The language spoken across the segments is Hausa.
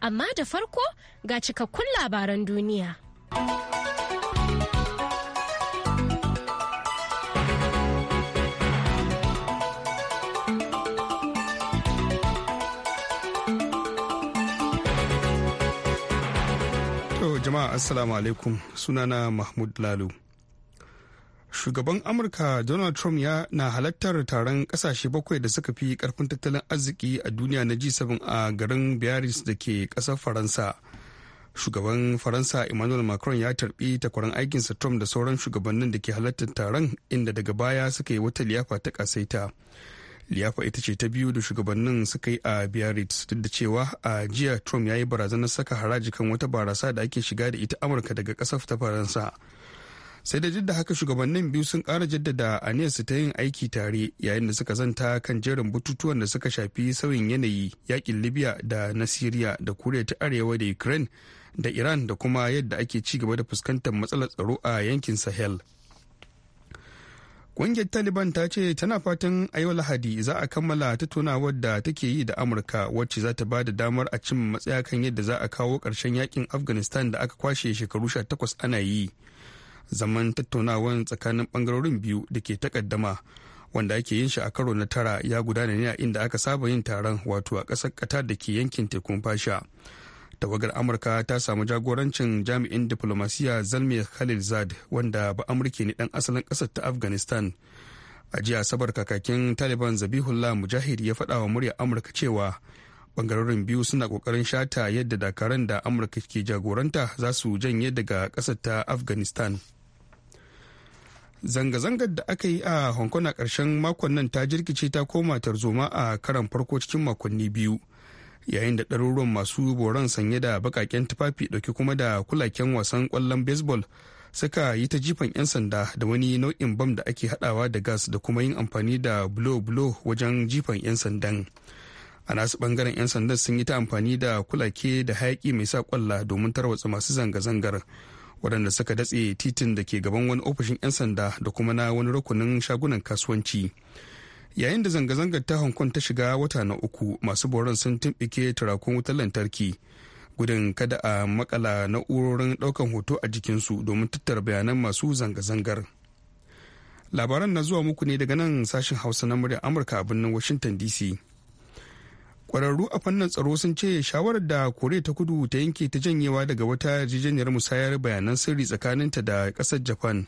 amma da farko ga cikakkun labaran duniya. jama'a assalamu alaikum sunana mahmud lalu shugaban amurka donald trump ya na halartar taron kasashe bakwai da suka fi karfin tattalin arziki a duniya na g7 a garin biarritz da ke kasar faransa shugaban faransa emmanuel macron ya tarbi takwaran aikinsa trump da sauran shugabannin da ke halartar taron inda daga baya suka yi wata liyafa ta kasaita liyafa ita ce ta biyu da shugabannin suka yi a biarritz duk da cewa a jiya trump ya yi barazanar saka haraji kan wata barasa da ake shiga da ita amurka daga kasar ta faransa sai da duk da haka shugabannin biyu sun kara jaddada aniyar su ta yin aiki tare yayin da suka zanta kan jerin bututuwan da suka shafi sauyin yanayi yakin libya da na syria da kuriya ta arewa da ukraine da iran da kuma yadda ake ci gaba da fuskantar matsalar tsaro a yankin sahel ƙungiyar taliban ta ce tana fatan a yau lahadi za a kammala tattaunawar da take yi da amurka wacce za ta ba da damar a cin matsaya kan yadda za a kawo ƙarshen yakin afghanistan da aka kwashe shekaru 18 ana yi zaman tattaunawar tsakanin bangarorin biyu da ke takaddama wanda ake yin shi a karo na tara ya gudana ne a inda aka saba yin taron wato a ƙasar kata da ke yankin tekun fasha tawagar amurka ta samu jagorancin jami'in diplomasiya zalmi khalil zad wanda ba amurke ne dan asalin ƙasar ta afghanistan a jiya asabar kakakin taliban zabihullah mujahid ya faɗa wa muryar amurka cewa bangarorin biyu suna ƙoƙarin shata yadda dakaran da amurka ke jagoranta za su janye daga ƙasar ta afghanistan zanga-zangar da aka yi a hong kong a ƙarshen makon nan ta jirkice ta koma tarzoma a karan farko cikin makonni biyu yayin da ɗaruruwan masu boron sanye da baƙaƙen tufafi ɗauki kuma da kulaken wasan ƙwallon baseball suka yi ta jifan 'yan sanda da wani nau'in bam da ake haɗawa da gas da kuma yin amfani da bulo-bulo wajen jifan 'yan sandan a nasu ɓangaren 'yan sandan sun yi ta amfani da kulake da hayaki mai sa ƙwalla domin tarwatsa masu zanga-zangar waɗanda suka datse titin da ke gaban wani ofishin 'yan sanda da kuma na wani rukunin shagunan kasuwanci yayin da zanga-zangar ta hong kong ta shiga wata na uku masu boron sun tumɓike turakun wutar lantarki gudun kada a makala na'urorin ɗaukan hoto a jikinsu domin tattara bayanan masu zanga-zangar labaran na zuwa muku ne daga nan sashen hausa na murya amurka a birnin washington dc kwararru a fannin tsaro sun ce shawarar da koriya ta kudu ta yanke ta janyewa daga wata yarjejeniyar musayar bayanan sirri tsakaninta da kasar japan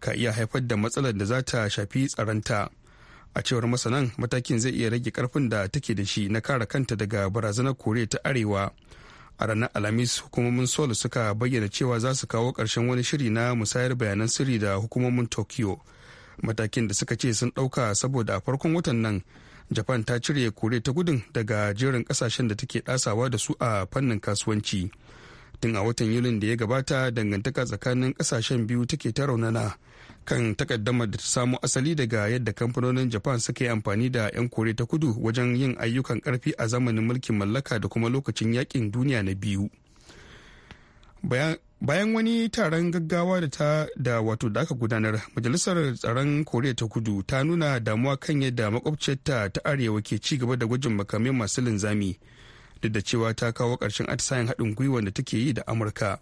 ka iya haifar da matsalar da za ta shafi tsaronta a cewar masanan matakin zai iya rage karfin da take da shi na kara kanta daga barazanar koriya ta arewa a ranar alhamis hukumomin sol suka bayyana cewa za su kawo karshen wani shiri na musayar bayanan sirri da hukumomin tokyo matakin da suka ce sun ɗauka saboda a farkon watan nan japan ta cire kore ta gudun daga jerin kasashen da take dasawa da su a fannin kasuwanci tun a watan yulin da ya gabata dangantaka tsakanin kasashen biyu take ta raunana kan takaddamar da ta samo asali daga yadda kamfanonin japan suka yi amfani da 'yan kore ta kudu wajen yin ayyukan karfi a zamanin mulkin mallaka da kuma lokacin yakin duniya na biyu bayan wani taron gaggawa da ta da wato da aka gudanar majalisar tsaron koriya ta kudu ta nuna damuwa kan yadda makwabciyarta ta arewa ke ci gaba da gwajin makamai masu linzami duk da cewa ta kawo ƙarshen atisayen haɗin gwiwa da take yi da amurka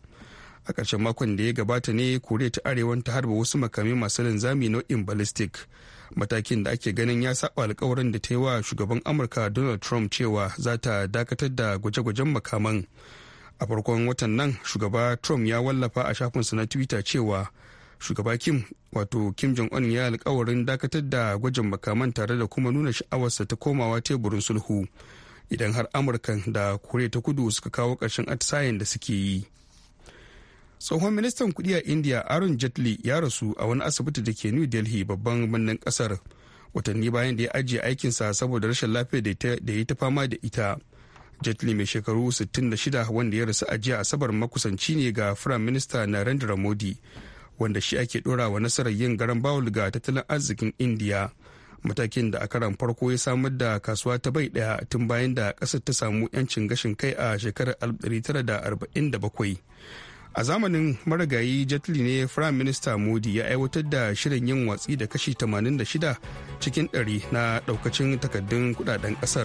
a ƙarshen makon da ya gabata ne koriya ta arewan ta harba wasu makamai masu linzami nau'in ballistic matakin da ake ganin ya saba alkawarin da ta yi wa shugaban amurka donald trump cewa za ta dakatar da gwaje-gwajen makaman a farkon watan nan shugaba trump ya wallafa a shafinsa na twitter cewa shugaba kim wato kim jong un ya alkawarin dakatar da gwajin makaman tare da kuma nuna sha'awarsa ta komawa teburin sulhu idan har amurka da kure ta kudu suka kawo ƙarshen atisayen da suke yi tsohon ministan kudi a india arun jetli ya rasu a wani asibiti da ke new delhi babban birnin kasar watanni bayan da ya ajiye aikinsa saboda rashin lafiya da ya ta fama da ita Jetli mai shekaru 66 wanda ya rasu a jiya asabar makusanci ne ga firayim minista narendra modi wanda shi ake dora wa nasarar yin garan bawul ga tattalin arzikin indiya matakin da a karan farko ya samar da kasuwa ta bai daya tun bayan da kasar ta samu 'yancin gashin kai a shekarar 1947 a zamanin marigayi jetli ne firayim minista modi ya aiwatar da shirin yin watsi da kashi 86 cikin 100 na daukacin takaddun kudaden kasar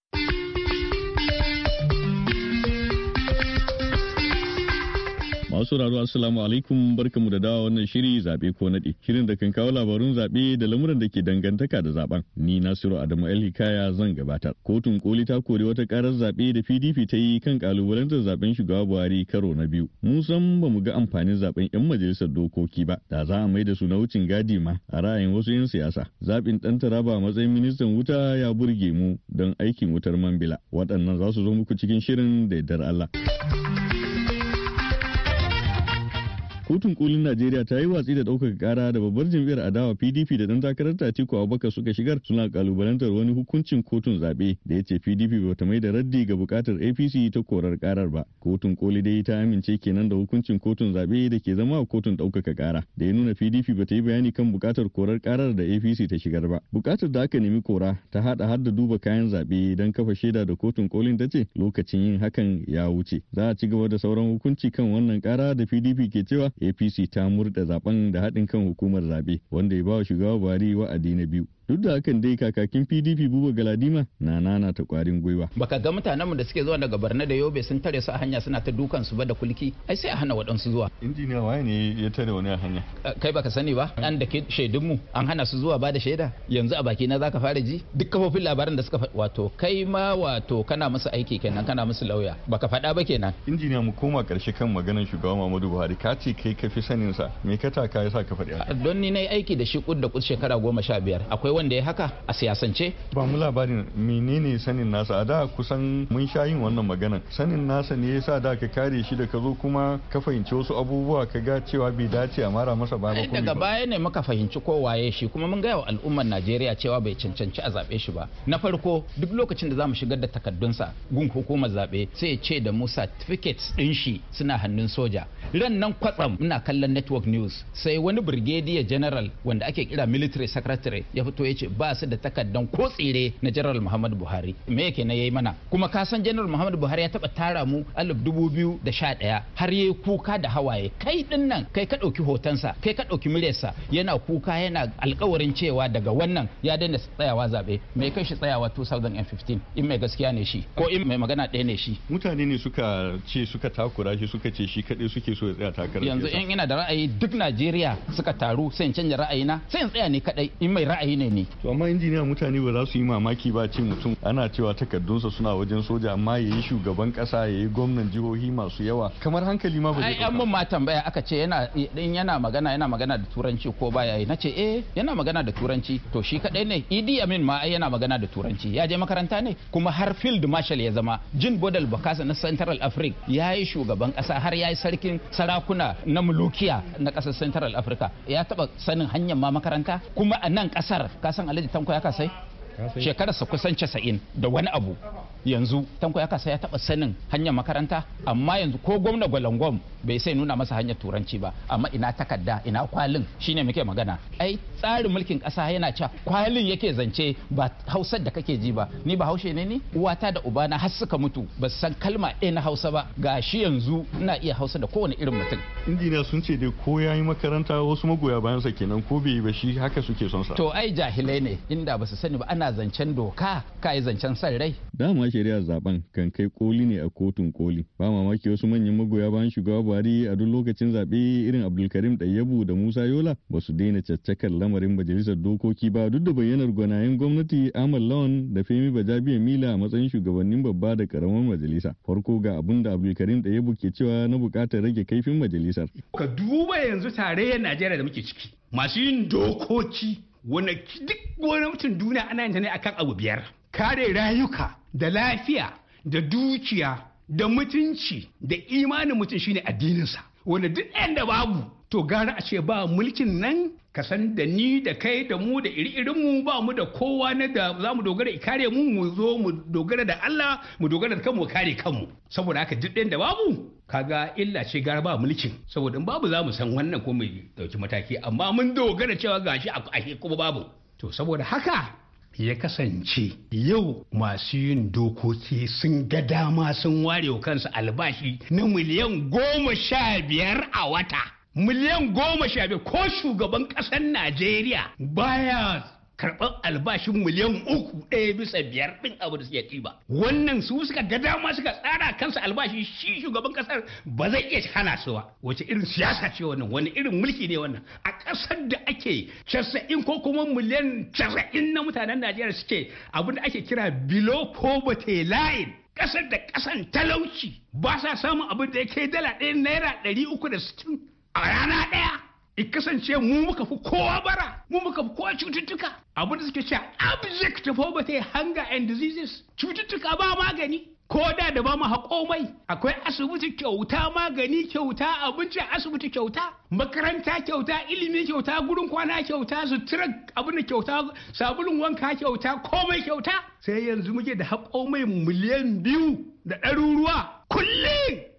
Masu sauraro Assalamu alaikum barkamu da dawa wannan shiri zaɓe ko naɗi. Shirin da kan kawo labarun zaɓe da lamuran da ke dangantaka da zaɓen Ni Nasiru Adamu El Hikaya zan gabatar. Kotun koli ta kori wata karar zaɓe da PDP ta yi kan kalubalantar zaben shugaba Buhari karo na biyu. Mun san ba mu ga amfanin zaɓen 'yan majalisar dokoki ba. Da za a mai da su na wucin gadi ma a ra'ayin wasu 'yan siyasa. Zaɓin ɗan Taraba matsayin ministan wuta ya burge mu don aikin wutar Mambila. Waɗannan za su zo muku cikin shirin da yardar Allah. kotun kolin najeriya ta yi watsi da ɗaukaka kara da babbar jam'iyyar adawa pdp da dan takarar atiku abubakar suka shigar suna kalubalantar wani hukuncin kotun zaɓe da ya ce pdp ba ta mai da raddi ga buƙatar apc ta korar karar ba kotun koli dai ta amince kenan da hukuncin kotun zaɓe da ke zama a kotun ɗaukaka kara da ya nuna pdp ba ta yi bayani kan buƙatar korar karar da apc ta shigar ba buƙatar da aka nemi kora ta haɗa har da duba kayan zaɓe don kafa shaida da kotun kolin ta ce lokacin yin hakan ya wuce za a ci gaba da sauran hukunci kan wannan kara da pdp ke cewa apc ta murda zaben da haɗin kan hukumar zaɓe wanda ya ba wa shugaba buhari wa'adi na biyu duk da hakan dai kakakin pdp buba galadima na nana ta kwarin gwiwa baka ga mutanenmu da suke zuwa daga barna da yobe sun tare su a hanya suna ta dukan su ba da kulki ai sai a hana waɗansu zuwa injiniya waye ne ya tare wani a hanya kai baka sani ba an da ke shaidunmu an hana su zuwa ba da shaida yanzu a baki na zaka fara ji duk kafofin labaran da suka faɗi wato kai ma wato kana musu aiki kenan kana musu lauya baka faɗa ba kenan injiniya mu koma karshe kan maganar shugaba Muhammadu Buhari ka ce kai ka fi saninsa me ka taka sa ka faɗi don ni na yi aiki da shi kud da kud shekara goma sha biyar akwai wanda ya haka a siyasance ba mu labarin menene sanin nasa a da kusan mun sha yin wannan magana sanin nasa ne yasa da ka kare shi da ka zo kuma ka fahimci wasu abubuwa ka ga cewa bai dace a mara masa ba ba daga baya ne muka fahimci ko waye shi kuma mun gaya wa al'ummar Najeriya cewa bai cancanci a zaɓe shi ba na farko duk lokacin da zamu shigar da takaddun sa gun hukumar zaɓe sai ce da mu certificates din shi suna hannun soja ran nan kwatsam muna kallon network news sai wani brigadier general wanda ake kira military secretary ya fito fito ya ce ba su da takardan ko tsire na general muhammadu buhari me yake na yayi mana kuma ka san general muhammadu buhari ya taba tara mu alif dubu biyu da sha daya har yayi kuka da hawaye kai din nan kai ka ɗauki hotonsa kai ka ɗauki muryarsa yana kuka yana alkawarin cewa daga wannan ya daina tsayawa zaɓe me kai shi tsayawa 2015 in mai gaskiya ne shi ko in mai magana ɗaya ne shi mutane ne suka ce suka takura shi suka ce shi kaɗai suke so ya tsaya takarar yanzu in ina da ra'ayi duk najeriya suka taru sai in canja ra'ayina sai in tsaya ne kaɗai in mai ra'ayi ne ne to amma injiniya mutane ba za su yi mamaki ba ce mutum ana cewa takardunsa suna wajen soja amma yayi shugaban kasa yayi gwamnan jihohi masu yawa kamar hankali ma ba zai ai mun ma tambaya aka ce yana dan yana magana yana magana da turanci ko baya yi nace eh yana magana da turanci to shi kaɗai ne Idi Amin ma yana magana da turanci ya je makaranta ne kuma har field marshal ya zama Jin Bodal Bakasa na Central Africa ya yi shugaban kasa har ya yi sarkin sarakuna na mulukiya na kasar Central Africa ya taba sanin hanyar ma makaranta kuma a nan kasar ka san alhaji tanko ya kasai shekararsa kusan casa'in da wani abu yanzu tanko ya kasa ya taba sanin hanyar makaranta amma yanzu ko gwamna gwalangwam bai sai nuna masa hanyar turanci ba amma ina takarda ina kwalin shine muke magana ai tsarin mulkin kasa yana cewa kwalin yake zance ba hausar da kake ji ba ni ba haushe ne ni uwata da ubana har suka mutu ba san kalma ɗaya na hausa ba ga shi yanzu ina iya hausa da kowane irin mutum injiniya sun ce dai ko yayi makaranta wasu magoya bayansa kenan ko bai ba shi haka suke son sa to ai jahilai ne inda ba su sani ba ana zancen doka ka yi zancen san rai. Dama shari'ar zaben kan kai koli ne a kotun koli. Ba mamaki wasu manyan magoya bayan shugaba Buhari a duk lokacin zaɓe irin Abdulkarim Ɗayyabu da Musa Yola ba su daina caccakar lamarin majalisar dokoki ba duk da bayyanar gwanayen gwamnati Amal Lawan da Femi Bajabiya Mila a matsayin shugabannin babba da karamar majalisa. Farko ga abin da Abdulkarim Ɗayyabu ke cewa na buƙatar rage kaifin majalisar. Ka duba yanzu tarayyar Najeriya da muke ciki. Masu yin dokoki wanda duk wani mutum duniya ana yin ta ne akan abu biyar kare rayuka da lafiya da dukiya da mutunci da imanin mutum shine addininsa wanda duk ɗayan babu to gara a ce ba mulkin nan Kasan da ni da kai da mu da iri mu ba mu da kowa na da za mu dogara kare mu mu zo mu dogara da Allah mu dogara da kanmu kare kanmu saboda haka duk da babu kaga illa ce gara ba mulkin saboda in babu za mu san wannan ko mu dauki mataki amma mun dogara cewa gashi a kuma babu to saboda haka ya kasance yau masu yin dokoki sun ga dama sun ware kansu albashi na miliyan goma sha biyar a wata miliyan goma sha biyar ko shugaban ƙasar najeriya baya karɓar albashin miliyan uku ɗaya bisa biyar ɗin abu da suke ba. wannan su suka ga dama suka tsara kansa albashi shi shugaban ƙasar ba zai iya hana su ba wace irin siyasa ce wannan wani irin mulki ne wannan a ƙasar da ake casa'in ko kuma miliyan casa'in na mutanen najeriya suke abin da ake kira below poverty line ƙasar da ƙasan talauci ba sa samun abin da ya ke dala ɗaya naira ɗari uku da sittin a rana ɗaya i kasance mu muka fi kowa bara mu muka fi kowa cututtuka abin da suke cewa abject poverty hunger and diseases cututtuka ba magani ko da da ba mu haƙo mai, akwai asibiti kyauta magani kyauta abinci asibiti kyauta makaranta kyauta ilimi kyauta gurin kwana kyauta sutura abin da kyauta sabulun wanka kyauta komai kyauta sai yanzu muke da mai miliyan biyu da ɗaruruwa kullum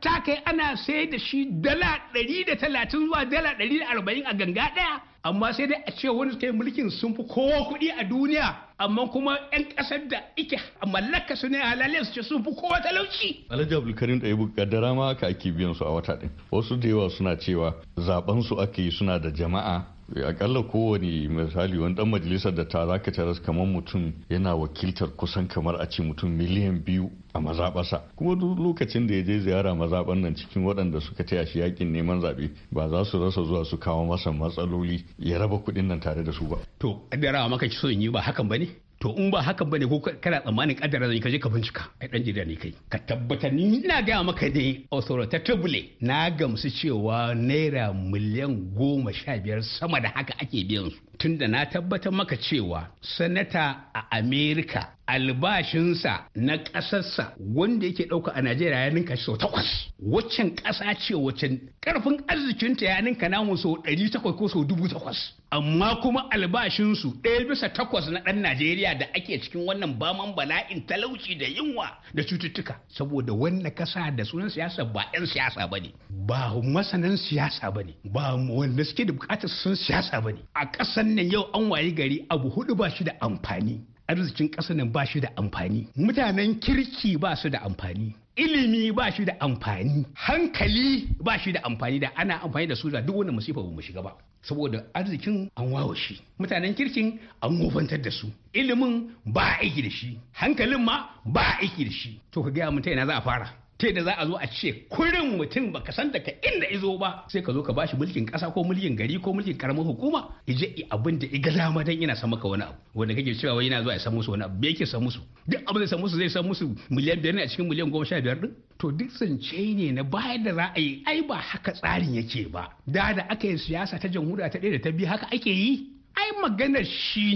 ta kai ana sai da shi dala ɗari da talatin zuwa dala ɗari da arba'in a ganga ɗaya amma sai dai a ce wani kai mulkin sun fi kowa kuɗi a duniya amma kuma 'yan ƙasar da ike mallaka su ne halaliyar su ce sun fi kowa talauci. Alhaji Abdulkarim da Ibu da ma aka ake biyan su a wata ɗin. Wasu da yawa suna cewa zaben su ake yi suna da jama'a Eh, akalla kowane misali wani dan majalisar da ta zaka taras kamar mutum yana wakiltar kusan kamar a ce mutum miliyan biyu a mazabarsa kuma duk lokacin da ya je ziyara mazabar nan cikin waɗanda suka taya shi yakin neman zaɓe ba za su rasa zuwa su kawo masa matsaloli ya raba kuɗin nan tare da su ba. to da rawa maka so in yi ba hakan ba ne. to in ba hakan bane ko kana tsammanin kaddara zai ka je ka bincika ai dan jira ne kai ka tabbata ni ina gaya maka ne authoritatively na gamsu cewa naira miliyan goma sha biyar sama da haka ake biyan su tunda na tabbatar maka cewa sanata a america albashinsa na ƙasarsa wanda yake ɗauka a Najeriya ya ninka sau takwas. Waccan ƙasa ce waccan ƙarfin arzikinta ya ninka namu sau ɗari takwas ko sau dubu takwas. amma kuma albashinsu ɗaya bisa takwas na ɗan Najeriya da ake cikin wannan baman bala'in talauci da yunwa da cututtuka saboda wannan kasa da sunan siyasa ba 'yan siyasa ba ne ba masanan siyasa ba ne ba wanda suke da bukatar sun siyasa ba ne a ƙasan nan yau an wayi gari abu hudu ba shi da amfani arzikin ƙasar nan ba shi da amfani mutanen kirki ba su da amfani ilimi ba shi da amfani hankali ba shi da amfani da ana amfani da su da duk wani masifa ba mu shiga ba saboda arzikin an wawo shi mutanen kirkin an gofantar da su ilimin ba aiki da shi hankalin ma ba aiki da shi to ka gaya mutane ta ina za a fara ta da za a zo a ce kurin mutum ba ka san daga inda izo ba sai ka zo ka bashi mulkin kasa ko mulkin gari ko mulkin karamar hukuma ije abin da iga dama dan yana san maka wani abu wanda kake cewa wai yana zuwa ya san musu wani abu yake san musu duk abin da san musu zai san musu miliyan biyar ne a cikin miliyan goma sha biyar din to duk zance ne na bayan da za a yi ai ba haka tsarin yake ba da da aka yi siyasa ta jamhuriya ta ɗaya da ta biyu haka ake yi ai maganar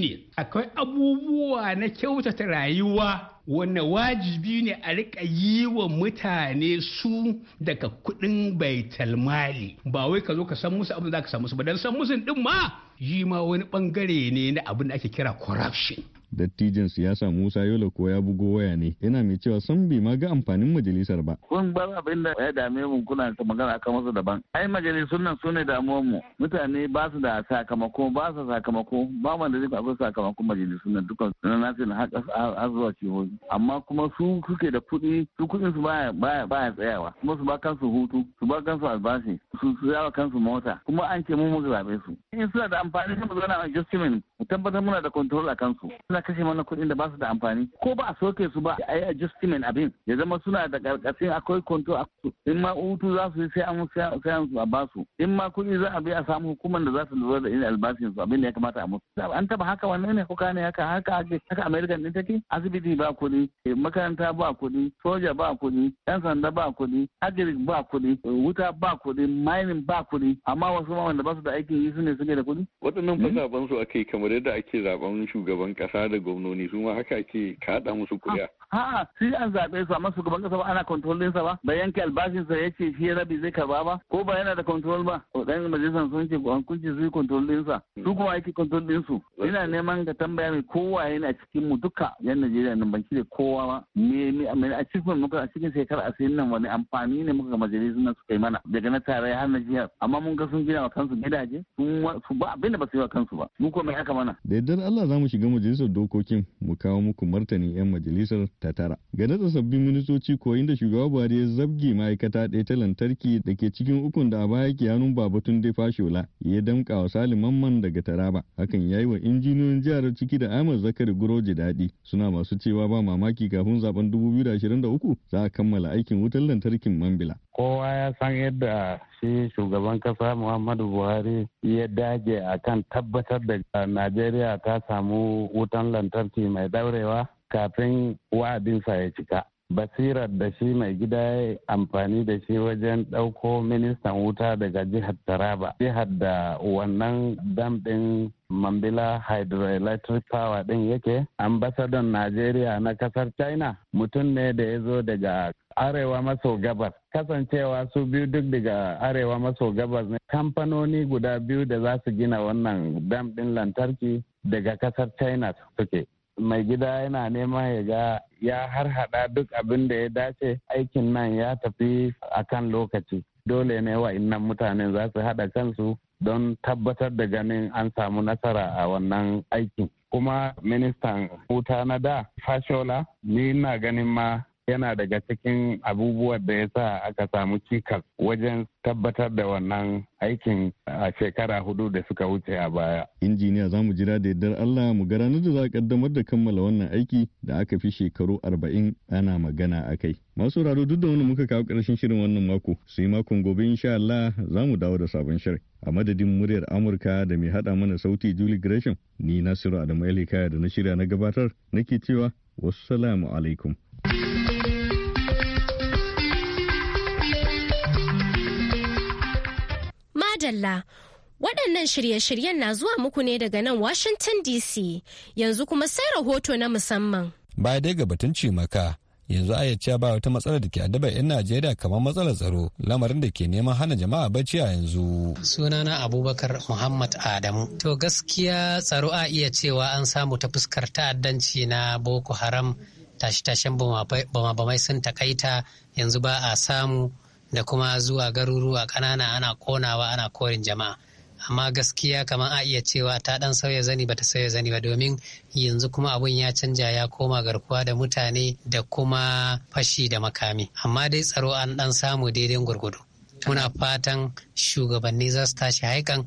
ne akwai abubuwa na kyautata rayuwa wanne wajibi ne a rika yi wa mutane su daga kuɗin baital mali ba wai ka zo ka san musu abin da ka san musu ba don san musu din ma yi ma wani bangare ne na abin da ake kira corruption dattijin siyasa Musa Yola ko ya bugo waya ne yana mai cewa san bai ma ga amfanin majalisar ba. Kun ba abin da ya dame mu kuna magana akan wasu daban. Ai majalisun nan su ne damuwar mu. Mutane ba su da sakamako ba su sakamako ba mu da zai akwai sakamakon majalisun nan dukkan na nasin a zuwa cihohi. Amma kuma su suke da kuɗi su kuɗin su baya baya baya tsayawa kuma su ba kansu hutu su ba kansu albashi su su yawa kansu mota kuma an ce mu mu zabe su. in suna da amfani sai mu zauna a adjustment mu tabbatar muna da control a kansu suna kashe mana kuɗin da ba su da amfani ko ba a soke su ba a yi adjustment abin ya zama suna da karkashin akwai control a su in ma hutu za su yi sai an sai an a basu in ma kudi za a bi a samu hukumar da za su lura da irin albashin su abin da ya kamata a musu an taba haka wannan ne ko ne haka haka ake haka American din take asibiti ba kuɗi eh, makaranta ba kuɗi soja ba kuɗi yan sanda ba kuɗi agric ba kuɗi eh, wuta ba kuɗi mining ba kuɗi amma wasu ma wanda ba su da aikin yi su ne ne da kuɗi? Waɗannan fa hmm? zaben su ake kamar yadda ake zaben shugaban ƙasa da gwamnoni su ma haka ake kaɗa musu kuri'a. Ah, a'a shi an zaɓe su amma shugaban ƙasa ba ana kontrol ba ba yanke albashinsa ya ce shi rabi zai karba ba ko ba yana da kontrol ba waɗannan majalisar sun ce hukunci su yi kontrolinsa, su kuma ake kontrolinsu. Ina neman ka tambaya mai kowa yana cikin mu duka yan Najeriya nan ban cire kowa ba me me a cikin muka a cikin shekarar asirin nan wani amfani ne muka ga majalisar nan suka yi mana daga na tare har na jihar amma mun ga sun gina wa kansu gidaje sun ba abinda ba su yi wa kansu ba mu kuma mai mana da yaddar Allah za mu shiga majalisar dokokin mu kawo muku martani yan majalisar ta tara ga nasa sabbin ministoci ko da shugaba Buhari ya zabge ma'aikata ɗaya ta lantarki da ke cikin ukun da a baya ke hannun Babatun Defashola ya damka wa Salim Mamman daga Taraba hakan yayi wa injiniyoyin jihar ciki da Ahmad Zakari Guroje daɗi suna masu cewa ba mamaki kafin zaben 2023 za a kammala aikin wutar lantarkin Mambila kowa ya san yadda shi shugaban kasa Muhammadu Buhari yadda dage kan tabbatar da najeriya ta samu wutan lantarki mai daurewa kafin wa'adinsa ya cika basirar da shi mai gida ya amfani da shi wajen ɗauko ministan wuta daga jihar taraba jihar da wannan dam ɗin mambila hydroelectric power ɗin yake ambasadon najeriya na kasar china mutum ne da ya zo daga arewa maso gabas kasancewa su biyu duk daga arewa maso gabas ne kamfanoni guda biyu da za su gina wannan dam ɗin lantarki daga kasar china suke mai gida yana nema ya ga ya harhaɗa duk abin da ya dace aikin nan ya tafi a kan lokaci dole ne wa innan mutanen za su haɗa kansu don tabbatar da ganin an samu nasara a wannan aikin kuma ministan huta na da fashola ni na ganin ma yana daga cikin abubuwan da ya sa aka samu cikas wajen tabbatar da wannan aikin a shekara hudu da suka wuce a baya. Injiniya za mu jira da yardar Allah mu ga ranar da za a kaddamar da kammala wannan aiki da aka fi shekaru arba'in ana magana a kai. Masu raro duk da wani muka kawo ƙarshen shirin wannan mako sai makon gobe insha Allah za mu dawo da sabon shirin. A madadin muryar Amurka da mai haɗa mana sauti Julie Gresham ni Nasiru Adamu Elikaya da na shirya na gabatar nake cewa wassalamu alaikum. Madalla Waɗannan shirye-shiryen na zuwa muku ne daga nan Washington DC yanzu kuma sai rahoto na musamman. Baya dai ga batun cimaka yanzu a ba wata matsalar da ke adaba 'yan najeriya kamar matsalar tsaro lamarin da ke neman hana jama'a bacci a yanzu sunana abubakar muhammad adamu to gaskiya tsaro a iya cewa an samu ta fuskar ta'addanci na boko haram tashe-tashen bama-bamai sun takaita yanzu ba a samu da kuma zuwa garuruwa ƙanana ana konawa ana korin jama'a amma gaskiya kamar a iya cewa ta ɗan sauya zani ba ta sauya zani ba domin yanzu kuma abun ya canja ya koma garkuwa da mutane da kuma fashi da makami amma dai tsaro an ɗan samu daidai gurgudu muna fatan shugabanni za su tashi haikan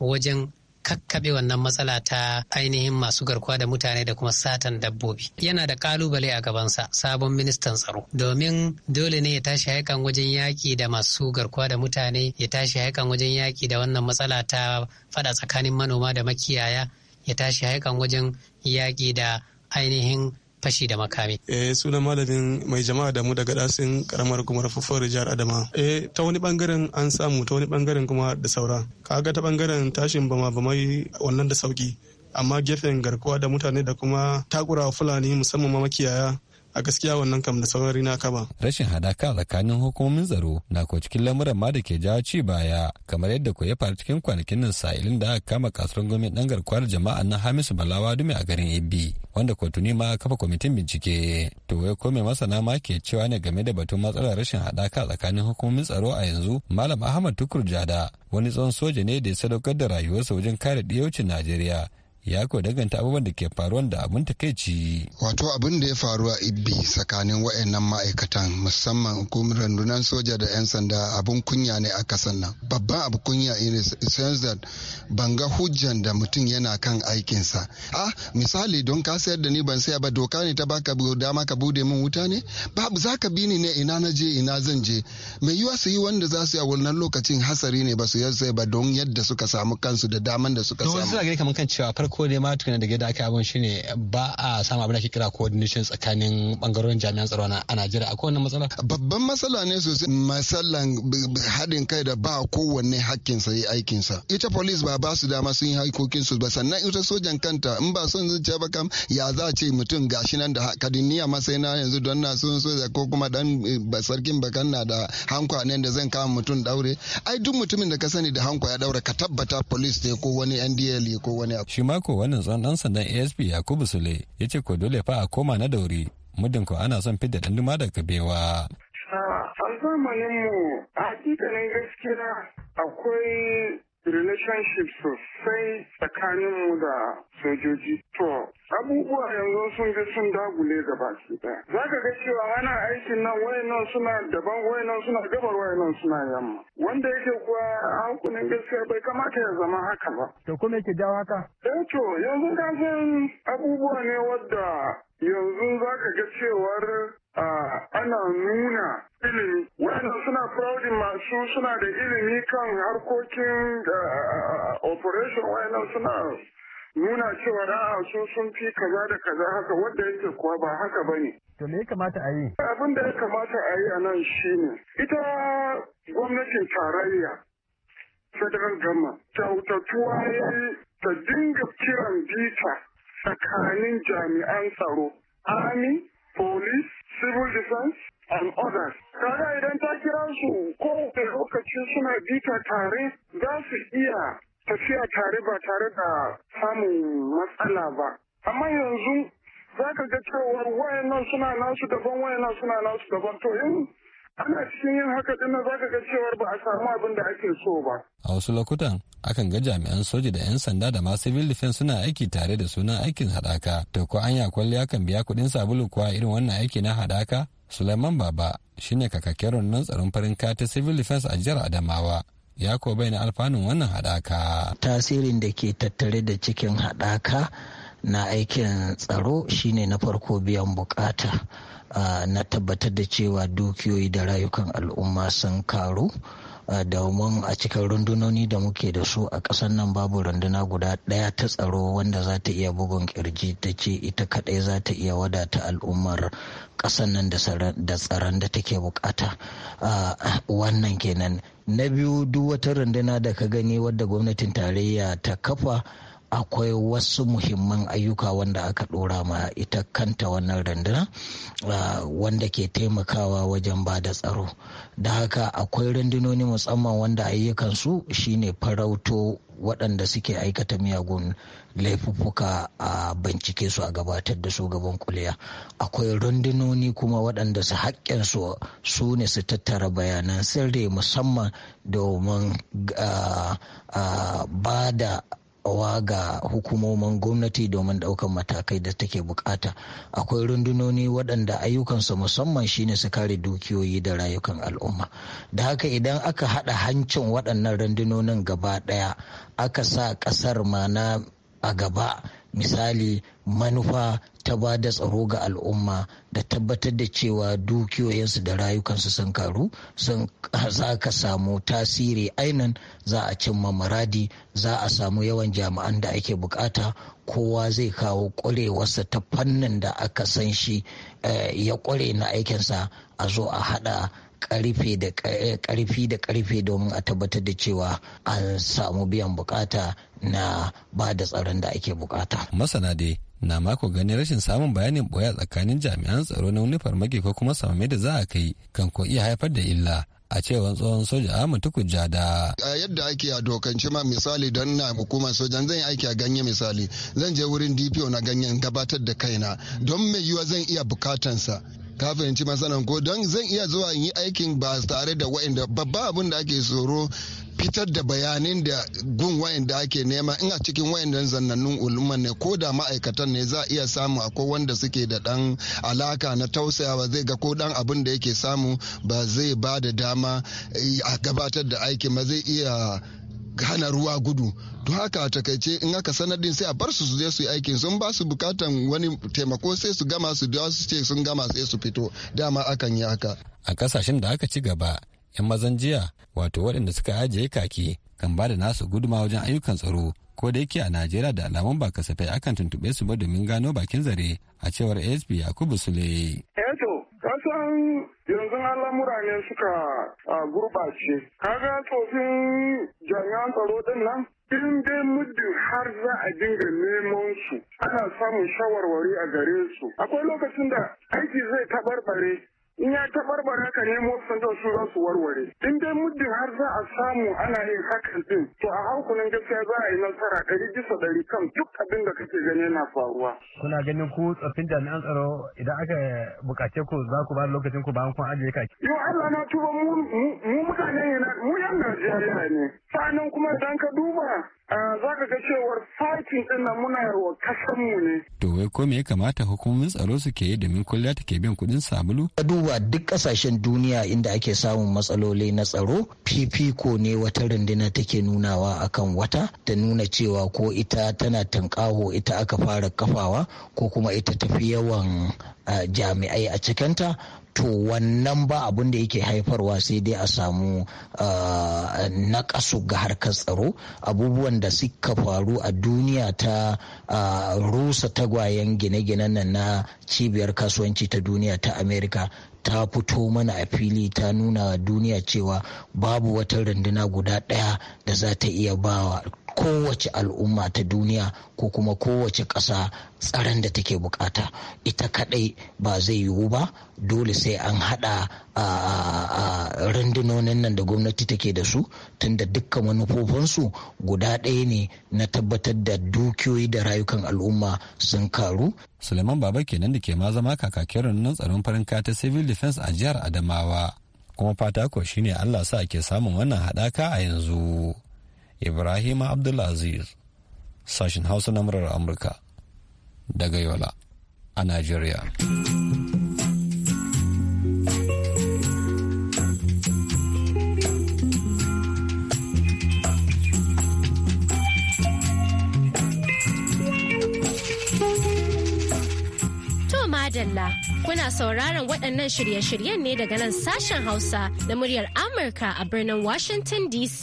wajen kakkaɓe wannan matsala ta ainihin masu garkuwa da mutane da kuma satan dabbobi yana da kalubale a gabansa sabon ministan tsaro domin dole ne ya tashi haikan wajen yaƙi da masu garkuwa da mutane ya tashi haikan wajen yaƙi da wannan matsala ta fada tsakanin manoma da makiyaya ya tashi haikan wajen yaƙi da ainihin fashi da makami. Eh sunan malamin mai jama'a da mu daga dasin karamar kuma rafuffar jihar Adama. Eh ta wani bangaren an samu ta wani bangaren kuma da saura. Ka ga ta bangaren tashin bama bamai wannan da sauki. amma gefen garkuwa da mutane da kuma takurawa fulani musamman ma makiyaya a gaskiya wannan kam da saurari na kama. Rashin hadaka tsakanin hukumomin tsaro na ko cikin lamuran ma da ke jawo ci baya kamar yadda ku ya faru cikin kwanakin nan sa'ilin da aka kama kasuwar gwamnati dan garkuwar jama'a na Hamisu Balawa Dume a garin Ibbi wanda kotuni ma kafa kwamitin bincike. To wai ko mai masana ma ke cewa ne game da batun matsalar rashin hadaka tsakanin hukumomin tsaro a yanzu Malam Ahmad Tukur Jada wani tsohon soja ne da ya sadaukar da rayuwarsa wajen kare diyaucin Najeriya ya kuwa daganta abubuwan da ke faruwa da abin takaici. Wato abin da ya faru a Ibbi tsakanin wa'annan ma'aikatan musamman hukumar rundunar soja da 'yan sanda abin kunya ne a kasan nan. Babban abu kunya ne sense ban ga hujjan da mutum yana kan aikinsa. Ah misali don ka sayar da ni ban saya ba doka ne ta baka dama ka bude min wuta ne? Babu za ka bi ni ne ina na je ina zan je. Mai yiwa su yi wanda za su yi a wannan lokacin hasari ne ba su yi ba don yadda suka samu kansu da daman da suka samu. Don su kamar kan cewa farko farko ne ma tukuna da gida aka abin shine ba a samu abin da ake kira coordination tsakanin bangarorin jami'an tsaro na a Najeriya akwai wannan matsala babban matsala ne sosai matsalan haɗin kai da ba kowanne hakkin sa yi aikin sa ita police ba ba su dama sun yi haikokin su ba sannan ita sojan kanta in ba son zuciya ba kam ya za a ce mutum gashi nan da kadiniya masai na yanzu don na sun soja ko kuma dan e, sarkin bakan na da ne da zan kama mutum daure ai duk mutumin da ka sani da hankwa ya daure ka tabbata police ne ko wani NDL e ko wani abu shi ma ko wannan tsohon dan sandan asp yakubu sule ya ce ko dole fa a koma na dauri muddin ko ana son fidda dan duma daga bewa a zamaninmu a hakikanin gaskiya akwai relationship sosai tsakaninmu da sojoji. To, abubuwa yanzu sun ga sun dagule gaba ki daya za ka ga cewa ana aikin nan wayannan suna daban wayannan suna gabar wayannan suna yamma wanda yake kuwa a hukunin gaskiya bai kamata ya zama haka ba to kuma yake jawo haka eh to yanzu ka san abubuwa ne wadda yanzu za ka ga cewar ana nuna ilimi wanda suna fraudin masu suna da ilimi kan harkokin eh, operation wayannan suna nuna cewa a'a sun fi kaza da kaza haka wanda yake kuwa ba haka ba ne. To me ya kamata a yi? Abin da ya kamata a yi a nan shi ne, ita gwamnatin tarayya federal gama kyautatuwa ta dinga kiran bita tsakanin jami'an tsaro, army, police, civil defense, and others. Kaga idan ta kira su kowace lokaci suna bita tare za su iya tafiya tare ba tare da samun matsala ba amma yanzu za ka ga cewa wayannan suna nasu daban wayannan suna nasu daban to yin ana cikin yin haka dinnan za ka ga cewa ba a samu abin da ake so ba a wasu lokutan akan ga jami'an soja da 'yan sanda da ma civil defense suna aiki tare da sunan aikin hadaka to ko anya kwalliya kan biya kuɗin sabulu kuwa irin wannan aiki na hadaka Suleiman Baba shine kakakken rundunar tsaron farin ta civil defense a jihar Adamawa ya ko bayyana alfanun wannan haɗaka. Tasirin da ke tattare da cikin haɗaka na aikin tsaro shine na farko biyan bukata ah, na tabbatar da cewa dukiyoyi da rayukan al'umma sun karu. domin a cikin rundunoni da muke da su a ƙasar nan babu runduna guda ɗaya ta tsaro wanda za ta iya bugun kirji ta ce ita kaɗai za ta iya wadata al'ummar ƙasar nan da tsaron da take bukata wannan kenan na biyu duk wata runduna da ka gani wadda gwamnatin tarayya ta kafa akwai wasu muhimman ayyuka wanda aka ɗora ma ita kanta wannan randuna ah, wanda ke taimakawa wajen ba da tsaro da haka akwai rundunoni musamman wanda ayyukansu shine farauto waɗanda suke aikata miyagun laifuffuka a bincike su a gabatar da su gaban kuliya akwai rundunoni kuma waɗanda su haƙƙinsu su ne su tattara bayanan sirri musamman domin ah, ah, ba da wa ga hukumomin gwamnati domin daukan matakai da take bukata akwai rundunoni waɗanda ayyukansu musamman shine su kare dukiyoyi da rayukan al'umma da haka idan aka haɗa hancin waɗannan rundunonin gaba ɗaya aka sa ƙasar ma a gaba misali manufa ta ba da tsaro ga al'umma da tabbatar da cewa dukiyoyinsu da rayukansu sun karu sun za ka samu tasiri ainan za a cimma muradi za a samu yawan jami'an da ake bukata kowa zai kawo kwarewarsa ta fannin da aka san shi eh, ya kware na aikinsa a zo a hada karfe da eh, karfi da karfe domin a tabbatar da cewa an samu biyan bukata na ba da tsaron da ake bukata. Masana dai na mako gani rashin samun bayanin boya tsakanin jami'an tsaro na wani farmaki ko kuma samame da za a kai kan ko iya haifar da illa a cewar tsohon soja Ahmad Tukuja da a yadda ake a dokance ma misali don na hukumar sojan zan aiki a ganye misali zan je wurin DPO na ganyen gabatar da kaina don mai yiwa zan iya bukatansa ka fahimci masanan ko don zan iya zuwa in yi aikin ba tare da wa'inda babba abin da ake tsoro fitar da bayanin da gun wa'inda ake nema in a cikin wa'inda zannanin ulman ne ko da ma'aikatan ne za a iya samu akwai wanda suke da dan alaka na tausayawa zai ga ko dan abin da yake samu ba zai ba da dama eh, a gabatar da aikin ba zai iya hana ruwa gudu to haka a takaice in aka sanar din sai a bar su su je su yi aikin sun ba su bukatan wani taimako sai su gama su da su ce sun gama sai su fito dama akan yi haka a kasashen da aka ci gaba yan mazan jiya wato waɗanda suka ajiye kaki kan ba da nasu guduma wajen ayyukan tsaro ko da yake a najeriya da alamun ba kasafai akan tuntube su ba domin gano bakin zare a cewar asb yakubu sule eh, san yanzu al'amura ne suka gurɓace. Kaga tsofin jami'an tsaro din nan in dai muddin har za a dinga neman su ana samun shawarwari a gare su akwai lokacin da aiki zai taɓarɓare in ya tabarbara ne, nemo sanjo su su warware in dai muddin har za a samu ana yin hakan din to a hankulan gaskiya za a yi nasara ɗari bisa ɗari kan duk abin da kake gani yana faruwa. kuna ganin ku tsoffin jami'an tsaro idan aka buƙace ku za ku ba lokacin ku bayan kun ajiye kaki. Yau Allah na tuba mu mutane mu yan Najeriya ne Sannan kuma idan ka duba Eh, za ga cewar fakin ɗin muna yarwa kasanmu ne. To wai ko ya kamata hukumomin tsaro su ke yi domin kulla ta ke bin kuɗin sabulu? Ka duba duk ƙasashen duniya inda ake samun matsaloli na tsaro fifiko ne wata rundunar take nunawa akan wata da nuna cewa ko ita tana tankaho ita aka fara kafawa ko kuma ita tafi yawan eh, jami'ai a cikinta to wannan ba abun da yake haifarwa sai dai a samu kasu uh, ga harkar tsaro abubuwan da suka faru a duniya ta uh, rusa tagwayen gine-ginen nan na cibiyar kasuwanci ta duniya ta amerika ta fito mana a fili ta nuna duniya cewa babu wata runduna guda ɗaya da za ta iya bawa kowace al'umma ta duniya ko kuma kowace ƙasa tsaron da take bukata ita kadai ba zai yiwu ba dole sai an hada rundunonin nan da gwamnati take da su tunda dukkan manufofinsu guda ɗaya ne na tabbatar da dukiyoyi da rayukan al'umma sun karu. suleiman baba kenan da ke ma zama kakakin rundunar tsaron farin ta civil defense a jihar adamawa kuma fata ko shine allah sa ke samun wannan haɗaka a yanzu. Ibrahim Abdulaziz, sashen Hausa na murar Amurka, daga Yola a Najeriya. kuna sauraron waɗannan shirye-shiryen ne daga nan sashen Hausa na muryar Amurka a birnin Washington DC.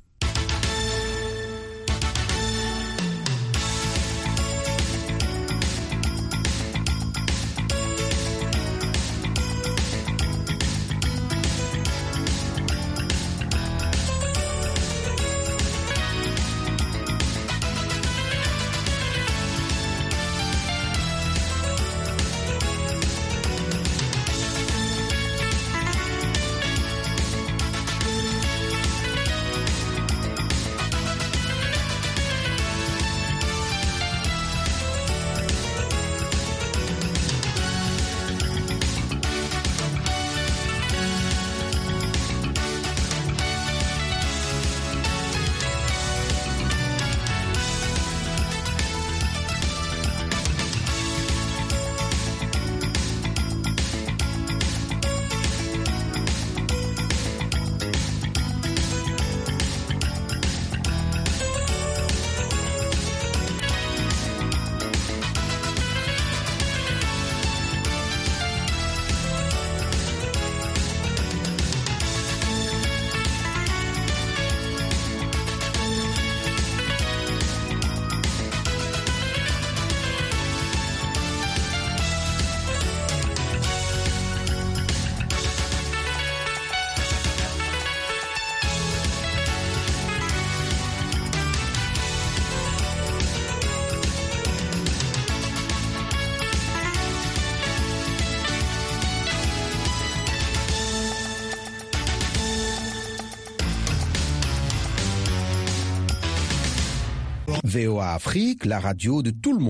VOA Afrique, la radio de tout le monde.